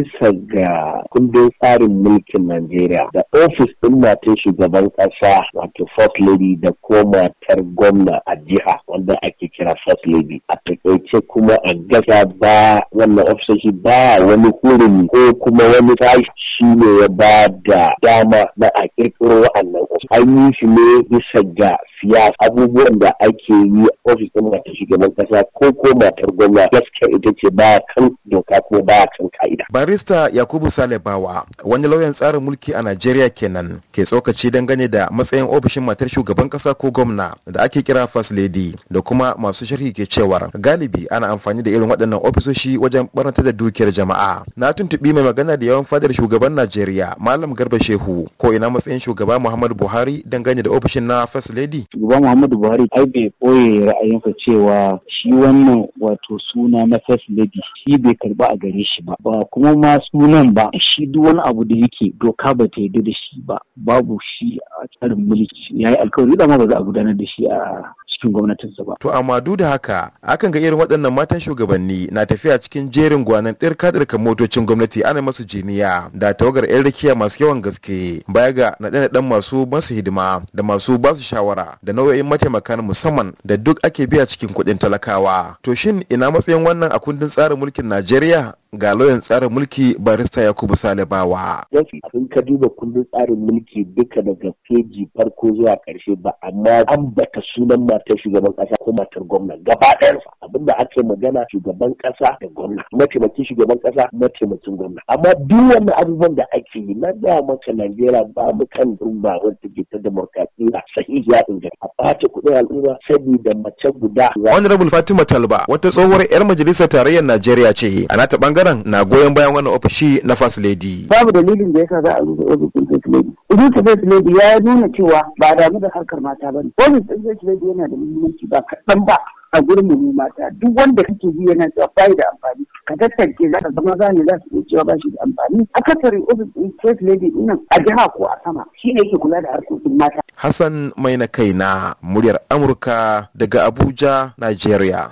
bisa ga kundin tsarin mulkin Najeriya da ofis ɗin matan shugaban ƙasa wato first lady da komatar matar gwamna a jiha wanda ake kira first lady a takaice kuma a gasa ba wannan ofisoshi ba wani hurin ko kuma wani tashi shi ne ya ba da dama na a kirkiro wa'annan an yi shi ne bisa ga siyasa abubuwan da ake yi ofis ɗin matar shugaban kasa ko ko matar gwamna gaskiya ita ce ba kan doka ko ba kan ka'ida. barista yakubu salibawa wani lauyan tsarin mulki a najeriya kenan ke tsokaci dangane da matsayin ofishin matar shugaban kasa ko gwamna da ake kira first lady da kuma masu sharhi ke cewar galibi ana amfani da irin waɗannan ofisoshi wajen barnata da dukiyar jama'a na tuntuɓi mai magana da yawan fadar shugaban najeriya malam garba shehu ko ina matsayin shugaba muhammadu buhari dangane da ofishin na first lady shugaba muhammadu buhari ai bai ɓoye ra'ayinsa cewa shi wannan wato suna na first lady shi bai karba a gare shi ba ba kuma ma sunan ba shi duk wani abu da yake doka ba ta yarda da shi ba babu shi a tsarin mulki yayi alkawari da ma ba za a gudanar da shi a cikin gwamnatin ba. To amma duk da haka akan ga irin waɗannan matan shugabanni na tafiya cikin jerin gwanan ɗirka ɗirka motocin gwamnati ana masu jiniya da tawagar ƴan rikiya masu yawan gaske baya ga naɗe-naɗen masu masu hidima da masu basu shawara da nau'o'in mataimakan musamman da duk ake biya cikin kuɗin talakawa. To shin ina matsayin wannan a kundin tsarin mulkin Najeriya ga lauyan tsarin mulki barista yakubu salibawa abin ka duba kundin tsarin mulki duka daga feji farko zuwa karshe ba amma an bata sunan matar shugaban kasa ko matar gwamna gaba ɗayansa abin da aka magana shugaban kasa da gwamna mataimakin shugaban kasa mataimakin gwamna amma duk wani abubuwan da ake yi na da maka najeriya ba mu kan rumba wadda ke ta demokradiyya sahihiya inganta a ɓata kuɗin al'umma saboda mace guda. honorable fatima talba wata tsohuwar yar majalisar tarayyar najeriya ce a nata bangaren na goyon bayan wani ofishi na first lady. babu dalilin da ya sa za a rufe ofishin first lady. rusa first lady ya nuna cewa ba damu da harkar mata ba ne. ofishin first lady yana da muhimmanci ba kaɗan ba. a gurin mu mata duk wanda kake bi yana cewa bai da amfani ka tattance za ka zama ne za su cewa ba shi da amfani akasarin office din first lady dinnan a jiha ko a sama shi ne yake kula da harkokin mata Hassan mai na kaina muryar Amurka daga Abuja Nigeria